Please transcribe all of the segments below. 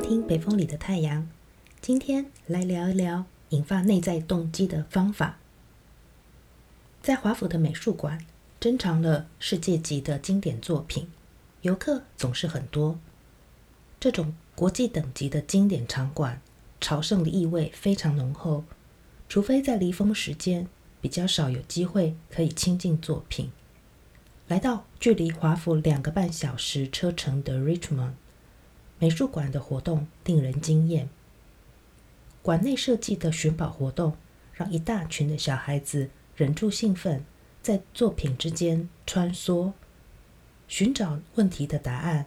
聽收北風裡的太陽，今天來聊一聊引發內在動機的方法。在華府的美術館，珍藏了世界級的經典作品，遊客總是很多。這種國際等級的經典場館，朝聖的意味非常濃厚。除非在離峰時間，比較少有機會可以親近作品。來到距離華府兩個半小時車程的 Richmond。美術館的活動令人驚艷。館內設計的尋寶活動，讓一大群的小孩子忍住興奮，在作品之間穿梭，尋找問題的答案。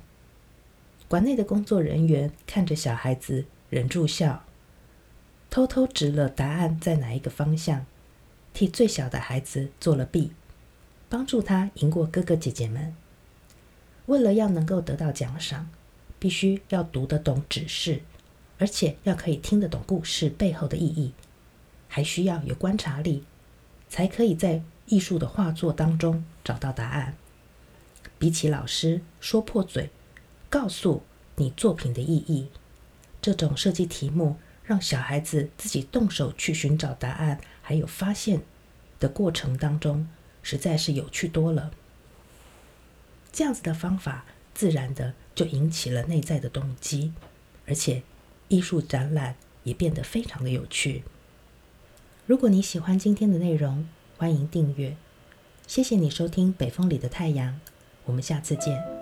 館內的工作人員看着小孩子忍住笑，偷偷指了答案在哪一個方向，替最小的孩子做了弊，幫助他贏過哥哥姐姐們。為了要能夠得到獎賞。必須要讀得懂指示，而且要可以聽得懂故事背後的意義，還需要有觀察力，才可以在藝術的畫作當中找到答案。比起老師說破嘴，告訴你作品的意義，這種設計題目讓小孩子自己動手去尋找答案，還有發現的過程當中，實在是有趣多了。這樣子的方法，自然的。就引起了內在的動機，而且藝術展覽也變得非常的有趣。如果你喜歡今天的內容，歡迎訂閱。謝謝你收聽《北風裡的太陽》，我們下次見。